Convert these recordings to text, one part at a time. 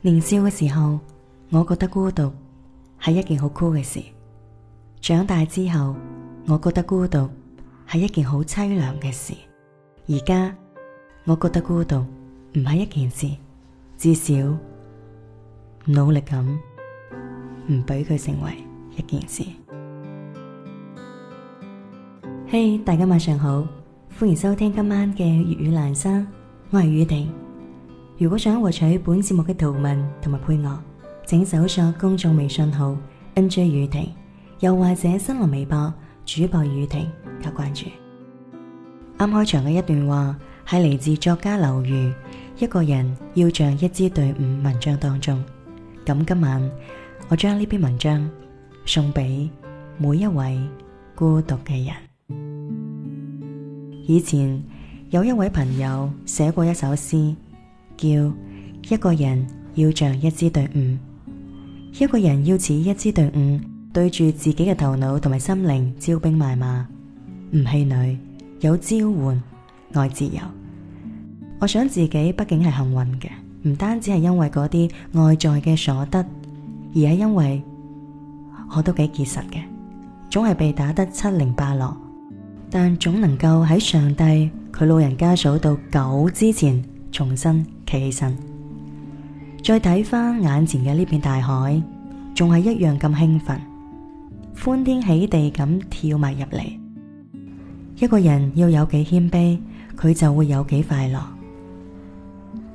年少嘅時候，我覺得孤獨係一件好酷嘅事。長大之後，我覺得孤獨係一件好淒涼嘅事。而家我覺得孤獨唔係一件事，至少努力咁唔俾佢成為一件事。嘿，hey，大家晚上好，歡迎收聽今晚嘅粵語南生，我係宇婷。如果想獲取本節目嘅圖文同埋配樂，請搜索公眾微信號 NJ 宇婷，又或者新浪微博主播宇婷加關注。啱開場嘅一段話係嚟自作家劉瑜：一個人要像一支隊伍。文章當中，咁今晚我將呢篇文章送俾每一位孤獨嘅人。以前有一位朋友寫過一首詩。叫一個人要像一支隊伍，一個人要似一支隊伍，對住自己嘅頭腦同埋心靈招兵買馬，唔氣餒，有召喚，愛自由。我想自己畢竟係幸運嘅，唔單止係因為嗰啲外在嘅所得，而係因為我都幾結實嘅，總係被打得七零八落，但總能夠喺上帝佢老人家數到九之前重新。企起身，再睇翻眼前嘅呢片大海，仲係一樣咁興奮，歡天喜地咁跳埋入嚟。一個人要有幾謙卑，佢就會有幾快樂。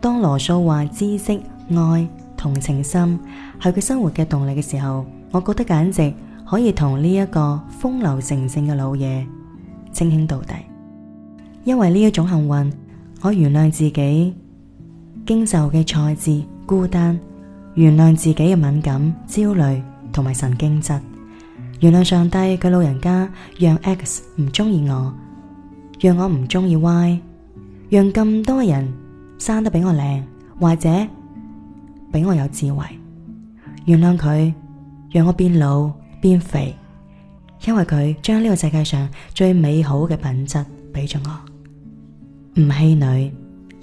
當羅素話知識、愛、同情心係佢生活嘅動力嘅時候，我覺得簡直可以同呢一個風流成性嘅老嘢稱兄道弟。因為呢一種幸運，我原諒自己。經受嘅挫折、孤單，原諒自己嘅敏感、焦慮同埋神經質，原諒上帝佢老人家讓 X 唔中意我，讓我唔中意 Y，讓咁多人生得比我靚或者比我有智慧，原諒佢讓我變老變肥，因為佢將呢個世界上最美好嘅品質俾咗我，唔氣餒，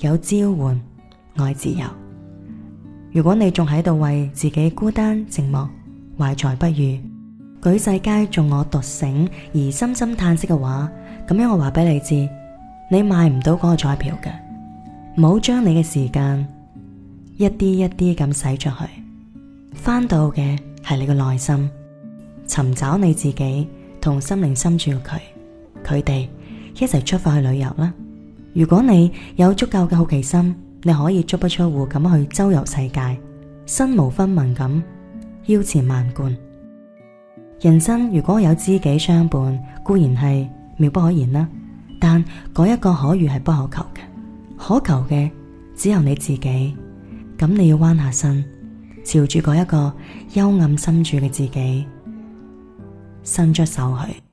有召喚。愛自由。如果你仲喺度為自己孤單、寂寞、懷才不遇、舉世皆濁我獨醒而深深嘆息嘅話，咁樣我話俾你知，你買唔到嗰個彩票嘅。唔好將你嘅時間一啲一啲咁使出去，返到嘅係你嘅內心尋找你自己同心靈深處嘅佢佢哋一齊出發去旅遊啦。如果你有足夠嘅好奇心。你可以足不出戶咁去周遊世界，身無分文咁腰纏萬貫。人生如果有知己相伴，固然係妙不可言啦。但嗰一個可遇係不可求嘅，可求嘅只有你自己。咁你要彎下身，朝住嗰一個幽暗深處嘅自己，伸出手去。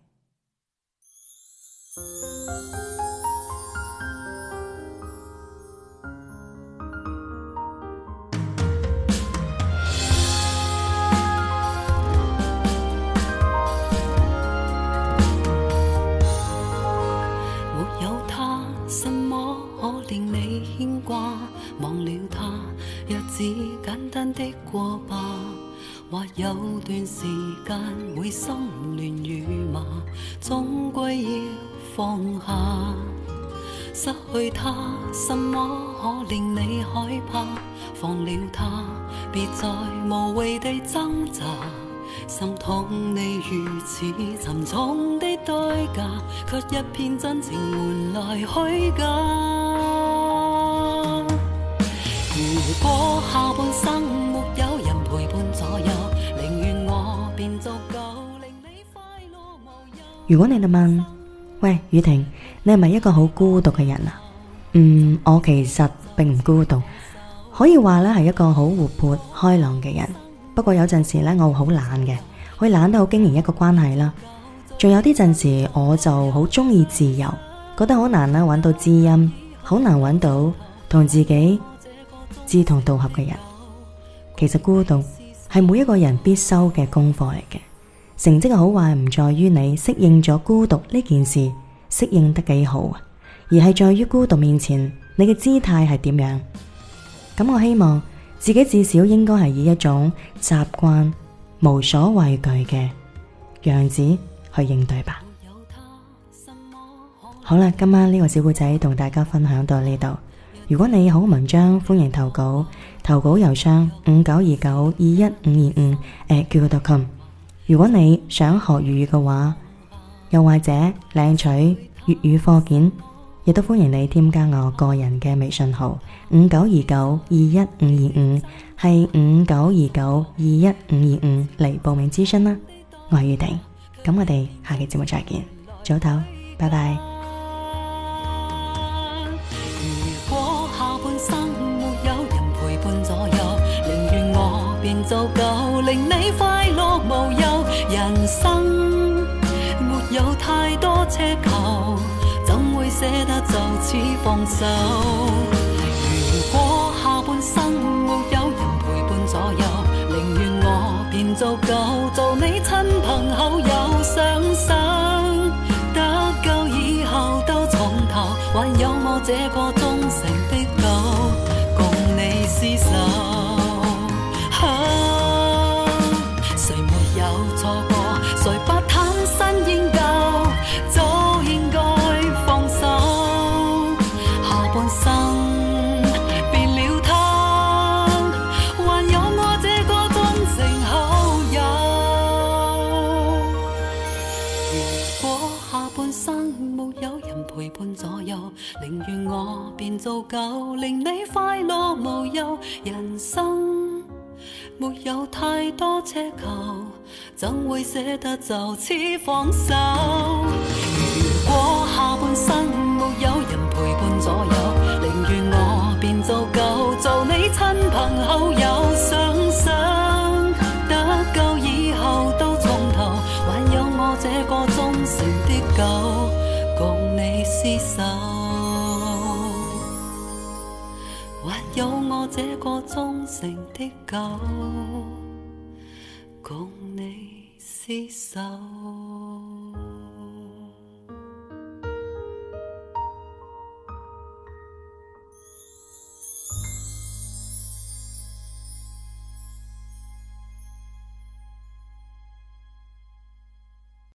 或有段時間會心亂如麻，總歸要放下。失去他，什麼可令你害怕？放了他，別再無謂地掙扎。心痛你如此沉重的代價，卻一片真情換來虛假。如果下。如果你哋問，喂，宇婷，你係咪一個好孤獨嘅人啊？嗯，我其實並唔孤獨，可以話咧係一個好活潑開朗嘅人。不過有陣時咧，我會好懶嘅，會懶得好經營一個關係啦。仲有啲陣時，我就好中意自由，覺得好難啦，揾到知音，好難揾到同自己志同道合嘅人。其實孤獨係每一個人必修嘅功課嚟嘅。成績嘅好壞唔在於你適應咗孤獨呢件事適應得幾好，而係在於孤獨面前你嘅姿態係點樣。咁我希望自己至少應該係以一種習慣無所畏懼嘅樣子去應對吧。好啦，今晚呢個小故仔同大家分享到呢度。如果你有好文章，歡迎投稿，投稿郵箱五九二九二一五二五，誒，叫個德琴。如果你想學粵語嘅話，又或者領取粵語課件，亦都歡迎你添加我個人嘅微信號五九二九二一五二五，係五九二九二一五二五嚟報名諮詢啦，我係宇婷。咁我哋下期節目再見，早唞，拜拜。無憂人生沒有太多奢求，怎會捨得就此放手？如果下半生沒有人陪伴左右，寧願我便足夠做你親朋好友，想生得夠，以後都重頭，還有我這個忠誠的狗，共你廝守。有人陪伴左右，寧願我變做狗，令你快樂無憂。人生沒有太多奢求，怎會捨得就此放手？如果下半生沒有人陪伴左右，寧願我變做狗，做你親朋好友。想想得夠以後都從頭，還有我這個忠誠的狗。共你廝守，還有我這個忠誠的狗，共你廝守。